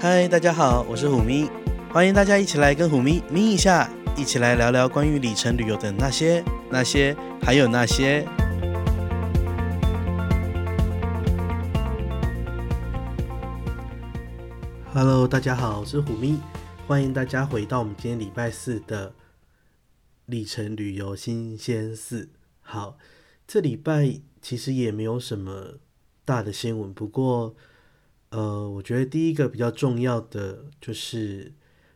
嗨，大家好，我是虎咪，歡迎大家一起來跟虎咪咪一下，一起來聊聊關於里程旅遊的那些、那些，還有那些。Hello，大家好，我是虎咪，歡迎大家回到我們今天禮拜四的里程旅遊新鮮四。好，這禮拜其實也沒有什麼大的新聞，不過。呃，我覺得第一個比較重要的就是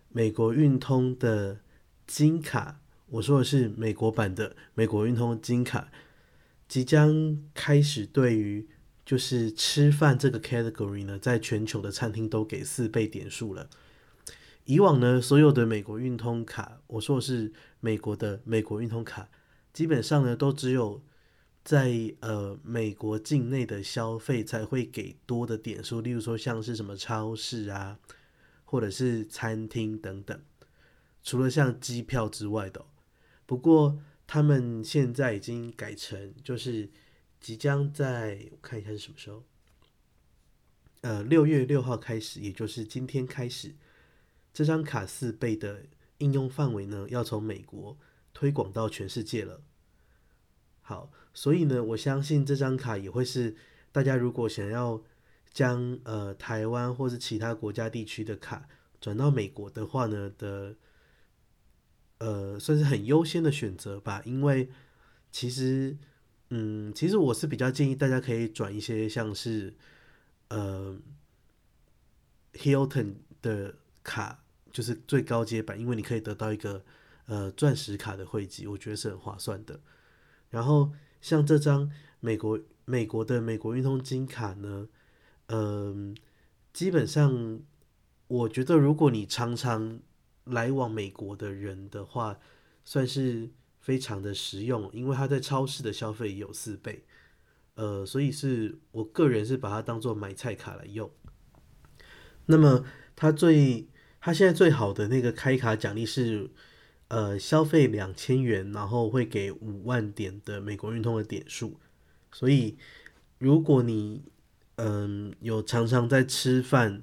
美國運通的金卡，我說的是美國版的美國運通金卡，即將開始對於就是吃飯這個 category 呢，在全球的餐廳都給四倍點數了。以往呢，所有的美國運通卡，我說的是美國的美國運通卡，基本上呢都只有。在呃，美國境內的消費才會給多的點數，例如說像是什麼超市啊，或者是餐廳等等，除了像機票之外的哦。不過他們現在已經改成，就是即將在我看一下是什麼時候，呃六月六號開始，也就是今天開始，這張卡四倍的應用範圍呢要從美國推廣到全世界了。好，所以呢，我相信這張卡也會是大家如果想要將呃台灣或是其他國家地區的卡轉到美國的話呢的，呃，算是很優先的選擇吧。因為其實，嗯，其實我是比較建議大家可以轉一些像是呃 Hilton 的卡，就是最高階版，因為你可以得到一個呃鑽石卡的會籍，我覺得是很划算的。然後像這張美國美國的美國運通金卡呢，嗯、呃，基本上我覺得如果你常常來往美國的人的話，算是非常的實用，因為它在超市的消費也有四倍，呃，所以是我個人是把它當做買菜卡來用。那麼它最它現在最好的那個開卡獎勵是。呃，消費兩千元，然後會給五萬點的美國運通的點數。所以，如果你嗯有常常在吃飯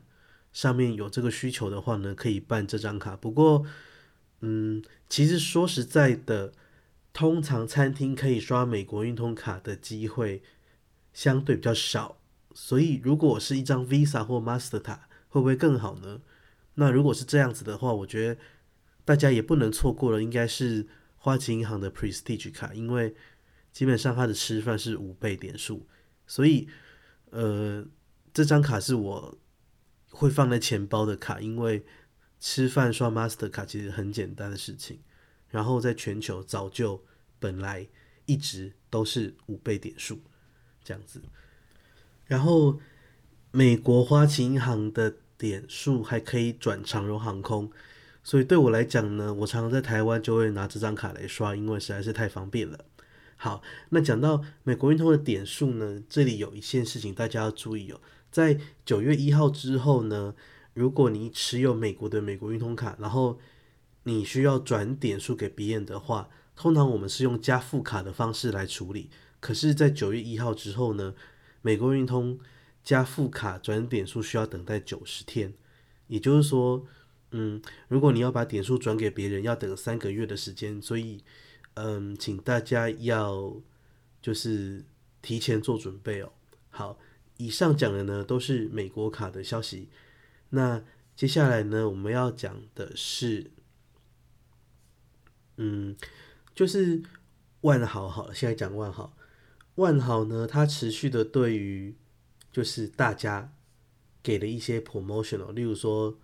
上面有這個需求的話呢，可以辦這張卡。不過，嗯，其實說實在的，通常餐廳可以刷美國運通卡的機會相對比較少。所以，如果是一張 Visa 或 Master 卡，會不會更好呢？那如果是這樣子的話，我覺得。大家也不能錯過了，應該是花旗銀行的 Prestige 卡，因為基本上它的吃飯是五倍點數，所以呃，這張卡是我會放在錢包的卡，因為吃飯刷 Master 卡其實很簡單的事情，然後在全球早就本來一直都是五倍點數這樣子，然後美國花旗銀行的點數還可以轉長榮航空。所以對我來講呢，我常常在台灣就會拿這張卡來刷，因為實在是太方便了。好，那講到美國運通的點數呢，這裡有一件事情大家要注意哦，在九月一號之後呢，如果你持有美國的美國運通卡，然後你需要轉點數給別人的話，通常我們是用加附卡的方式來處理。可是，在九月一號之後呢，美國運通加附卡轉點數需要等待九十天，也就是說，嗯，如果你要把點數轉給別人，要等三個月的時間，所以，嗯，請大家要就是提前做準備哦。好，以上講的呢都是美國卡的消息。那接下來呢，我們要講的是，嗯，就是萬豪，好，好現在講萬豪。萬豪呢，它持續的對於就是大家給了一些 promotional 哦，例如說。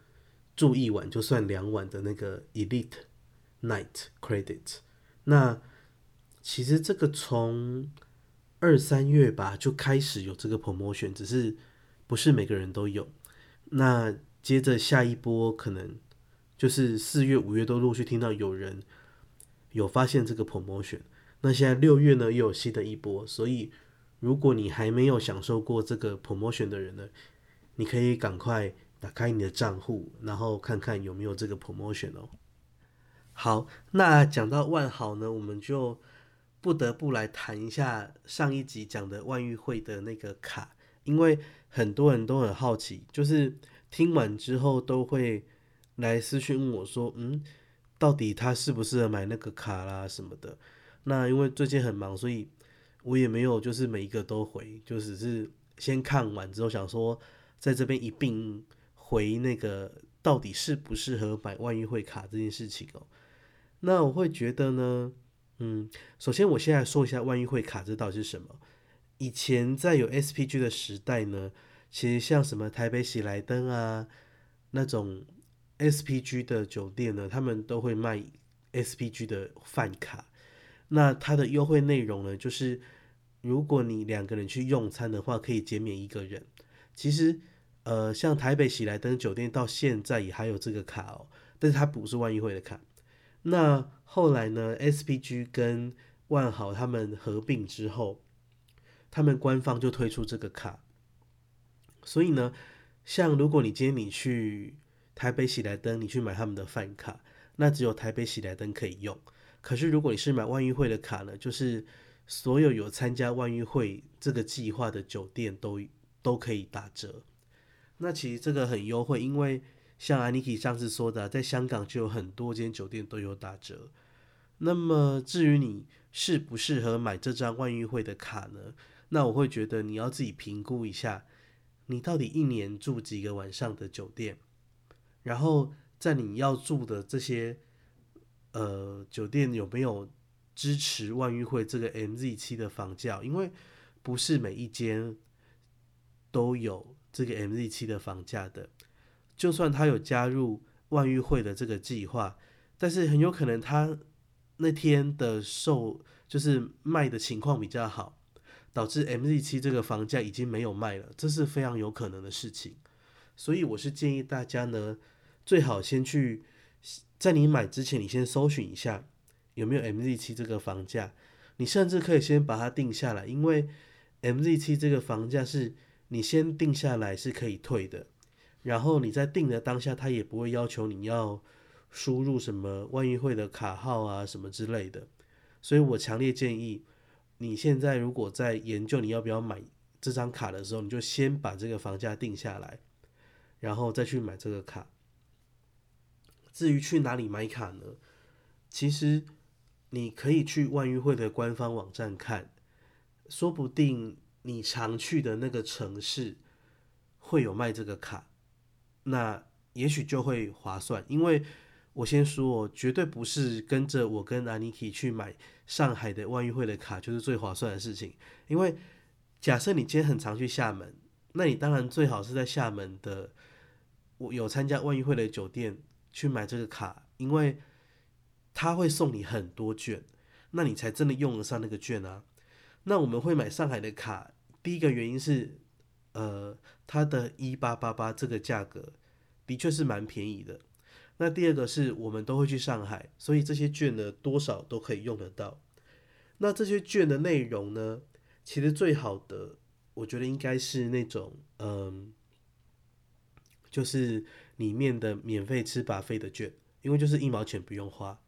住一晚就算兩晚的那個 Elite Night Credit，那其實這個從二三月吧就開始有這個 Promotion，只是不是每個人都有。那接着下一波可能就是四月、五月都陸續聽到有人有發現這個 Promotion，那現在六月呢又有新的一波，所以如果你還沒有享受過這個 Promotion 的人呢，你可以趕快。打開你的賬戶，然後看看有沒有這個 promotion 哦。好，那講到萬豪呢，我們就不得不來談一下上一集講的萬譽會的那個卡，因為很多人都很好奇，就是聽完之後都會來私訊問我說，嗯，到底他適不適合買那個卡啦、啊、什麼的。那因為最近很忙，所以我也沒有就是每一個都回，就只是先看完之後想說，在這邊一併。回那個到底適不適合買萬譽會卡這件事情哦、喔，那我會覺得呢，嗯，首先我現在說一下萬譽會卡這到底是什麼。以前在有 SPG 的時代呢，其實像什麼台北喜來登啊那種 SPG 的酒店呢，他們都會賣 SPG 的飯卡。那它的優惠內容呢，就是如果你兩個人去用餐的話，可以減免一個人。其實。呃，像台北喜來登酒店到現在也還有這個卡哦、喔，但是它不是萬譽會的卡。那後來呢，SPG 跟萬豪他們合併之後，他們官方就推出這個卡。所以呢，像如果你今天你去台北喜來登，你去買他們的飯卡，那只有台北喜來登可以用。可是如果你是買萬譽會的卡呢，就是所有有參加萬譽會這個計劃的酒店都都可以打折。那其實這個很優惠，因為像 Aniki 上次說的，在香港就有很多間酒店都有打折。那麼至於你適不適合買這張萬譽會的卡呢？那我會覺得你要自己評估一下，你到底一年住幾個晚上的酒店，然後在你要住的這些呃酒店有沒有支持萬譽會這個 MZ 七的房價？因為不是每一間都有。這個 MZ 七的房價的，就算他有加入萬譽會的這個計劃，但是很有可能他那天的售就是賣的情況比較好，導致 MZ 七這個房價已經沒有賣了，這是非常有可能的事情。所以我是建議大家呢，最好先去在你買之前，你先搜尋一下有沒有 MZ 七這個房價，你甚至可以先把它定下來，因為 MZ 七這個房價是。你先定下來是可以退的，然後你在定的當下，他也不會要求你要輸入什麼萬譽會的卡號啊什麼之類的。所以我強烈建議，你現在如果在研究你要不要買這張卡的時候，你就先把這個房價定下來，然後再去買這個卡。至於去哪裡買卡呢？其實你可以去萬譽會的官方網站看，說不定。你常去的那個城市會有賣這個卡，那也許就會划算。因為我先說，絕對不是跟着我跟蘭尼 i 去買上海的萬運會的卡就是最划算的事情。因為假設你今天很常去廈門，那你當然最好是在廈門的我有參加萬運會的酒店去買這個卡，因為他會送你很多券，那你才真的用得上那個券啊。那我們會買上海的卡，第一個原因是，呃，它的“一八八八”這個價格的確是蠻便宜的。那第二個是我們都會去上海，所以這些券呢，多少都可以用得到。那這些券的內容呢，其實最好的，我覺得應該是那種，嗯、呃，就是裡面的免費吃 buffet 的券，因為就是一毛錢不用花。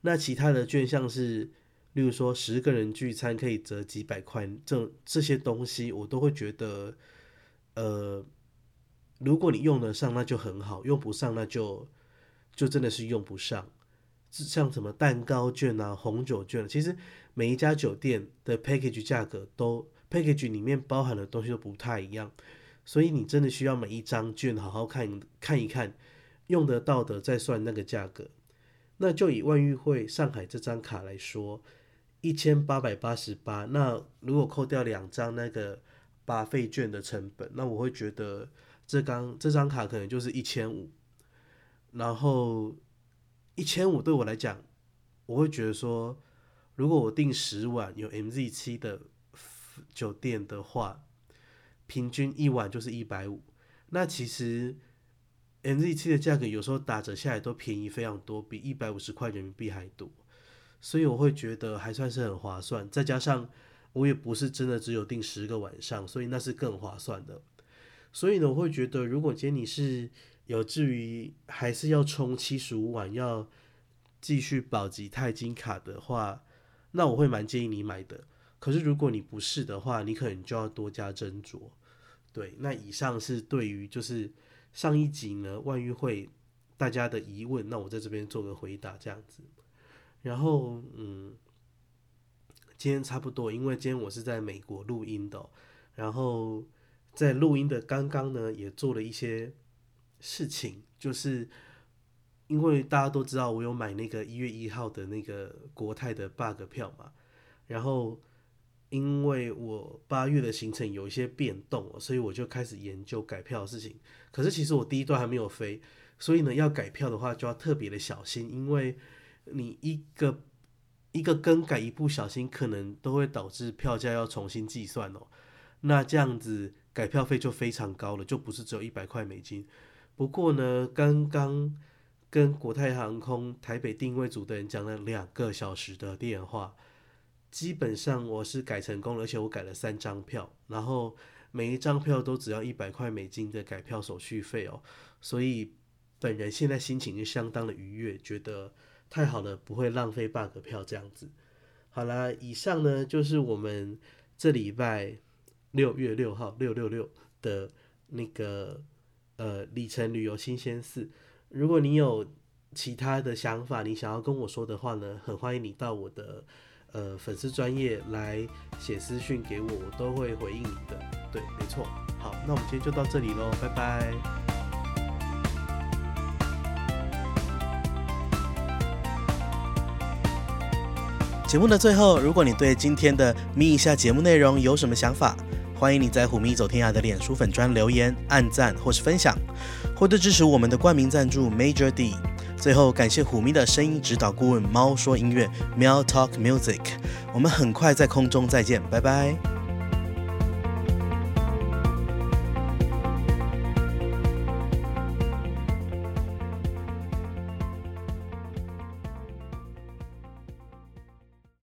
那其他的券像是。例如說，十個人聚餐可以折幾百塊，這這些東西我都會覺得，呃，如果你用得上，那就很好；用不上，那就就真的是用不上。像什麼蛋糕券啊、紅酒券、啊，其實每一家酒店的 package 價格都 package 裡面包含的東西都不太一樣，所以你真的需要每一張券好好看看一看，用得到的再算那個價格。那就以萬譽會上海這張卡來說。一千八百八十八，那如果扣掉兩張那個 buffet 券的成本，那我會覺得這張這張卡可能就是一千五。然後一千五對我來講，我會覺得說，如果我訂十晚有 MZ7 的酒店的話，平均一晚就是一百五。那其實 MZ7 的價格有時候打折下來都便宜非常多，比一百五十塊人民幣還多。所以我會覺得還算是很划算，再加上我也不是真的只有訂十個晚上，所以那是更划算的。所以呢，我會覺得如果今天你是有志於，還是要充七十五晚，要繼續保級鈦金卡的話，那我會蠻建議你買的。可是如果你不是的話，你可能就要多加斟酌。對，那以上是對於就是上一集呢萬譽會，大家的疑問，那我在這邊做個回答，這樣子。然後，嗯，今天差不多，因為今天我是在美國錄音的，然後在錄音的剛剛呢，也做了一些事情，就是因為大家都知道，我有買那個一月一號的那個國泰的 bug 票嘛，然後因為我八月的行程有一些變動，所以我就開始研究改票的事情。可是其實我第一段還沒有飛，所以呢，要改票的話就要特別的小心，因為，你一個一個更改，一不小心可能都會導致票價要重新計算哦。那這樣子改票費就非常高了，就不是只有一百塊美金。不過呢，剛剛跟國泰航空台北定位組的人講了兩個小時的電話，基本上我是改成功了，而且我改了三張票，然後每一張票都只要一百塊美金的改票手續費哦。所以本人現在心情是相當的愉悅，覺得。太好了，不會浪費 bug 票這樣子。好了，以上呢就是我們這禮拜六月六號六六六的那個呃里程旅遊新鮮四。如果你有其他的想法，你想要跟我說的話呢，很歡迎你到我的呃粉絲專頁來寫私訊給我，我都會回應你的。對，沒錯。好，那我們今天就到這裡嘍，拜拜。節目的最後，如果你對今天的咪一下節目內容有什麼想法，歡迎你在虎咪走天涯的臉書粉專留言、按讚或是分享，或者支持我們的冠名贊助 Major D。最後感謝虎咪的聲音指導顧問貓說音樂 Miao Talk Music。我們很快在空中再見，拜拜。